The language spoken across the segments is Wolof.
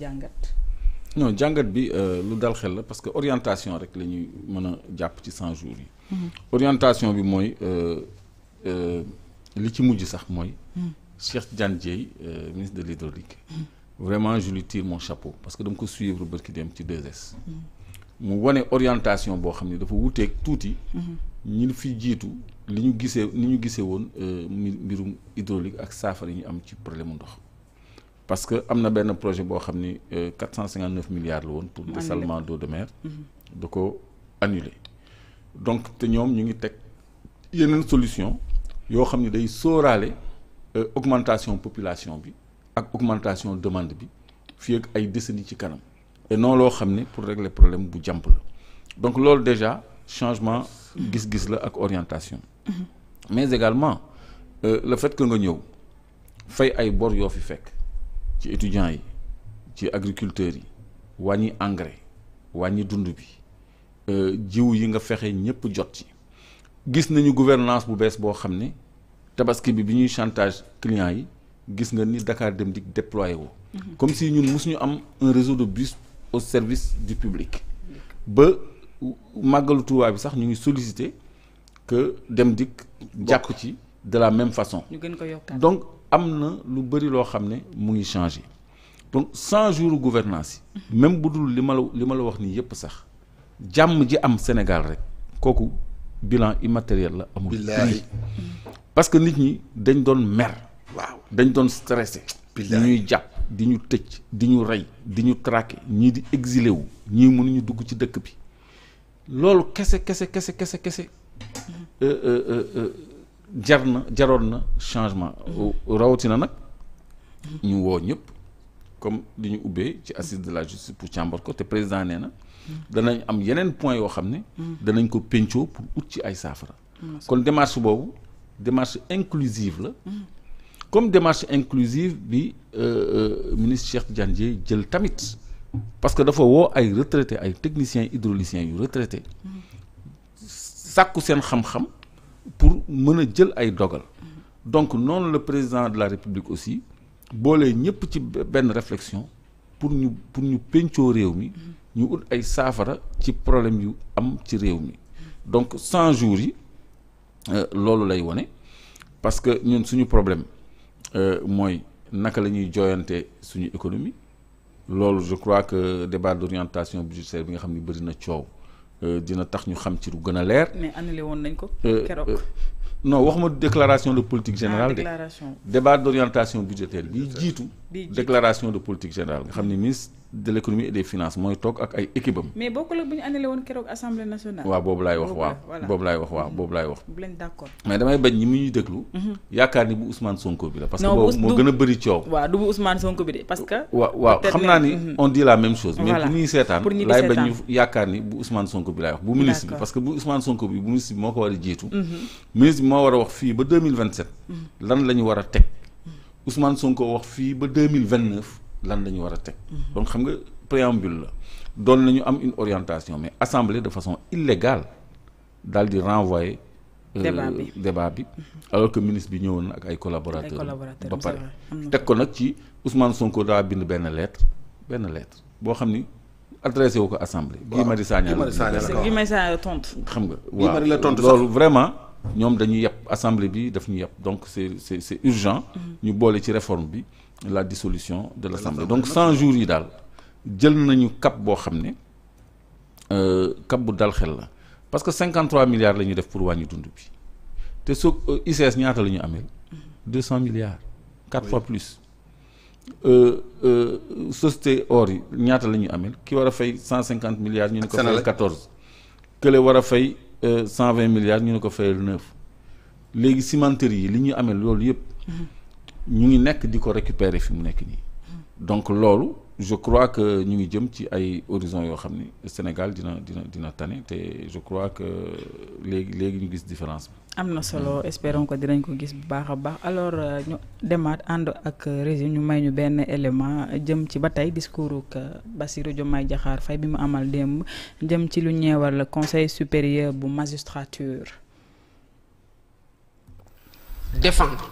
jàngat. non jangat bi euh, lu dal xel parce que orientation rek lañuy mëna japp ci 100 jours yi. Mm-hmm. orientation bi moy euh euh li ci mujj sax moy mm. Cheikh Tidiane Dièye euh, ministre de l'hydraulique mm. vraiment je lui tire mon chapeau parce que dama ko suivre barki dem ci 2S. Mm. mu woné orientation bo xamni dafa dafa ak touti ñi fi jitu liñu gissé niñu gissé won euh woon mbirum hydraulique ak saafara ñu am ci problème mu ndox parce que nous avons un projet qui a 459 milliards de pour pour dessalement d'eau de mer mhm. donc annulé donc te y ñu ngi une solution yoo xam ni day sóoraale euh, augmentation population bi ak augmentation demande bi y ak des décennies et non nous pour régler problème bu jàmp donc c'est déjà changement gis-gis la ak orientation mhm. mais également euh, le fait que nous avons fait ay bor ci étudiants yi ci agriculteurs yi wañi engrais wañi dund bi euh, jiw yi nga fexé ñepp jot ci gis nañu gouvernance bu bees bo xamné tabaski bi bi ñuy chantage client yi gis nga ni Dakar dem dik déployé wo mhm. comme si ñun mosuñu am un réseau de bus au service du public ba màggalu touba bi sax ñu ngi sollicité que dem dik ci de la même façon donc amna lu bari lo xamné ne mu ngi changé donc 100 jours gouvernance même bu dul li wax ni yépp sax jamm ji am Sénégal rek kooku bilan immatériel la amul prix parce que nit ñi dañ doon mer waaw dañ doon stressé di ñuy japp di ñu tëj di ñu rey di ñu traqué ñii di exilé wu ñii mënuñu dugg ci dëkk bi lool loolu kese kese mm-hmm. euh euh euh, euh jar changement. Mhm. rawatina nag ñu woo ñëpp comme diñu ubé ci assise de la justice pour càmbar ko te président néna na. Mhm. danañ am yenen point yo xamné ne. Mhm. danañ ko pencoo pour ut ci ay saafara. Mm, kon démarche bobu démarche inclusive la. Mm. comme démarche inclusive bi euh, euh, ministre Cheikh Tidiane jël tamit parce que dafa wo ay retraités ay techniciens hydrauliciens yu retraités mm. sàkku sen xam-xam pour mën jël ay dogal donc non le président de la république aussi bolé ñëpp ci ben réflexion pour ñu pour ñu pencoo réew mi ñu ut ay saafara ci problème yu am ci réew mi donc 100 jours yi euh, lolu lay woné parce que ñun suñu problème euh, moy naka lañuy ñuy suñu économie lolu je crois que débat d'orientation budgétaire bi nga xamni ni bëri na euh, dina tax ñu xam ci lu gën a leer. mais annulé woon nañ ko. Euh, keroog euh, non waxuma déclaration de politique ah, générale. déclaration débat d'orientation budgétaire bi jiitu. déclaration de politique générale nga xam ni ministre de l'économie et des finances moy tok ak ay équipe mais bokkul la bu ñu annulé won kérok assemblée nationale. Wa bobu lay wax waaw bobu lay wax waaw bobu lay wax. bu leen mais damay bañ ñi mu déglu. Mhm. yaakaar ni bu Ousmane Sonko bi la. parce que boobu moo gën a bëri coow. waaw du bu Ousmane Sonko bi de parce que. wa wa. xam ni mhm. on dit la même chose. mais pour ñuy seetaan laay bañ ñu yaakaar ni bu Ousmane Sonko bi lay wax. bu ministre bi parce que bu Ousmane Sonko bi bu ministre moko wara ko mhm. ministre bi wara wax fi ba 2027. lan la wara war Ousmane Sonko wax fi ba 2029 lan la wara tek donc xam nga préambule la don nañu am une orientation mais assemblée de façon illégale dal di renvoyer. Euh, débat bi alors que ministre bi ñëwoon ak ay collaborateurs ba pare tek ko nak ci Ousmane Sonko daa bind ben lettre ben lettre boo xam ni adressé wu ko assemblée. Guy Marius Sagna la tontu. xam nga waaw la tontu loolu vraiment ñom dañuy yàpp assemblée bi daf ñu yàpp donc c'est c'est c'est urgent. Mm-hmm. ñu bolé ci réforme bi la dissolution de l'Assemblée donc 100 jours nous avons jël nañu cap qui est un cap bu dal xel parce que 53 milliards nous avons def pour wàññi dund bi te euh, ICS ñaata la 200 milliards. 4 fois plus. Euh, euh, société ori ñaata la ki a 150 milliards ñu ne ko 14. Que war a 120 milliards ñu ne ko 9 Les cimenteries, yi li fait ñu ngi nekk récupérer fi mu donc lolu je crois que ñu ngi jëm ci ay horizon yo xamni Sénégal dina dina dina tane té je crois que légui légui ñu gis différence amna solo espérons que dinañ ko gis bu baax baax alors euh, ñu demaat ànd ak régime ñu may ñu benn élément jëm ci batay discoursu discours ak euh, Bassirou Diomaye Diakhar Faye bi mu amal démb jëm ci lu ñewal conseil supérieur bu magistrature. défendre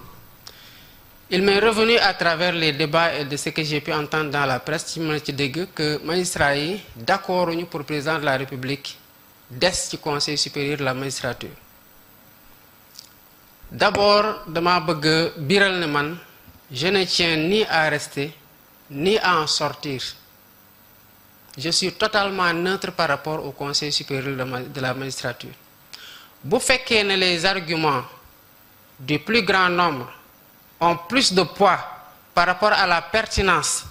il m'est revenu à travers les débats et de ce que j'ai pu entendre dans la presse ci me que magistrat d'accord pour pour président de la république dès du conseil supérieur de la magistrature d'abord de ma je ne tiens ni à rester ni à en sortir je suis totalement neutre par rapport au conseil supérieur de la magistrature Si y ait les arguments du plus grand nombre en plus de poids par rapport à la pertinence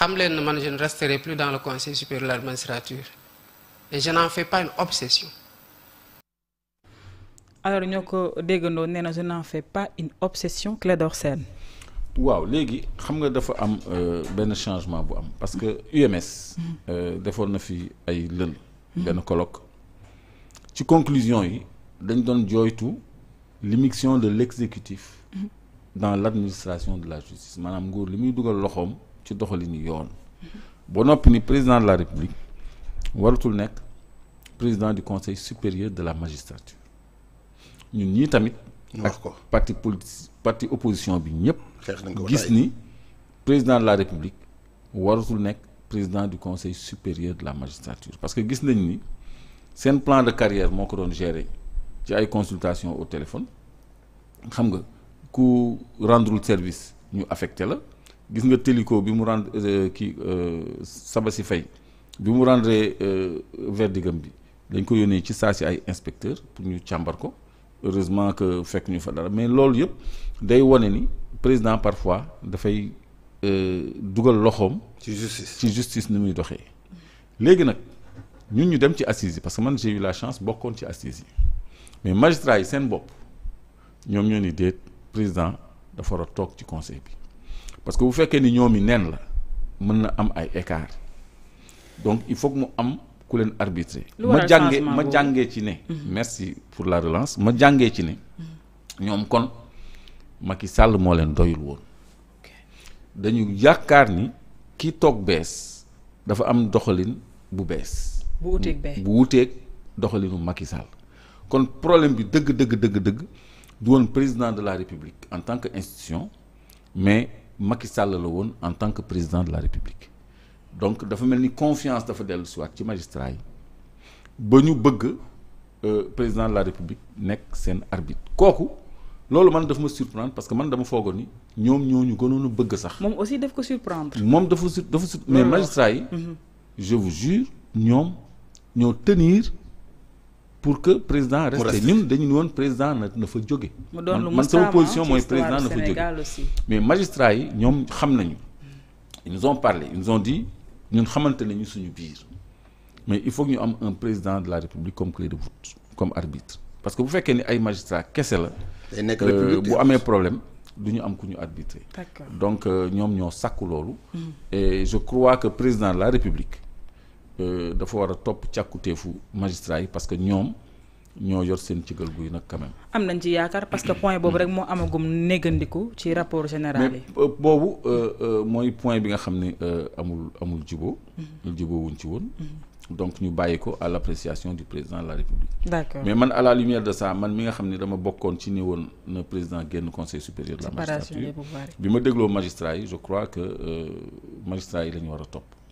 je ne resterai plus dans le conseil supérieur de l'administrature et je n'en fais pas une obsession alors nous avons je n'en fais pas une obsession Clé Wow, waaw léegi xam nga dafa am euh, changement parce que UMS mm-hmm. euh, defoon na fi ay colloque ci conclusion yi dañ joy tout l'émission de l'exécutif dans l'administration de la justice Madame nguur li muy de dit, ci doxalinu yoon ba noppi ni président de la république waratul Nek, président du conseil supérieur de la magistrature Nous, ñii tamit. wax ko parti opposition bi Gisni, gis ni président de la république waratul Nek, président du conseil supérieur de la magistrature parce que gis nañ ni plan de carrière mon ko géré, j'ai eu ay consultation au téléphone xam nga ku le service ñu affecté la gis nga Télico bi mu rendre euh, euh Sabassi fay bi mu rendre euh, verdigam bi dañ ko yone ci saa ay inspecteur pour ñu chambar ko heureusement que fekk ñu fa dara mais loolu yëpp day wane ni président parfois dafay euh, dugal loxom ci justice ci justice ni muy doxee. léegi nag ñun ñu dem ci assises parce que man j'ai eu la chance bokkoon ci assises yi mais magistrat yi seen bopp ñoom ñoo ni déet président da talk un conseil parce que vous faites que nous sommes donc il faut que sommes am arbitrer ma sommes ma mhm. merci pour la relance ma là. ci Nous sommes Nous sommes am Nous bu bu sommes là. Macky Sall kon problème sommes là du président de la république en tant que institution mais Macky Sall la en tant que président de la république donc dafa mel une confiance dafa dellu ci magistrat yi ba ñu bëgg euh, président de la république nekk seen arbitre Quoi loolu man daf ma surprendre parce que man dama foogoon ni ñom ñoo ñu bëgg sax. mom aussi daf ko surprendre. mom dafa dafa mais magistrat mhm. je vous jure ñom ñoo tenir pour que président reste nous dañu ne président ne na fa Mais man position président ne fa jouer. mais magistrats nous nous xam ils nous ont parlé ils nous ont dit ñun que nañu suñu biir mais il faut que ñu am un président de la république comme clé de voûte comme arbitre parce que vous bu fekkee ni ay magistrats kese la euh, bu un problème du ñu am ku un arbitre. donc euh, ñoom ñoo sàkku loolu mm. et je crois que président de la république euh, dafa war a topp càkkutéefu magistrat yi parce que ñom ñoo yor seen cëgal guy nak quand même. am nañ ci yaakar parce que point bobu rek mo amagum néggandiku ci rapport général yi. euh, euh, euh moy point bi nga xam euh amul amul jubóo. djibo mhm. wuñ ci won mhm. donc ñu bàyyi ko à l'appréciation du président de la république. D'accord. mais man à la lumière de ça man mi nga xam dama bokkon ci ni na président du conseil supérieur de la magistrature bima ma magistrat yi je crois que magistrat yi la wara top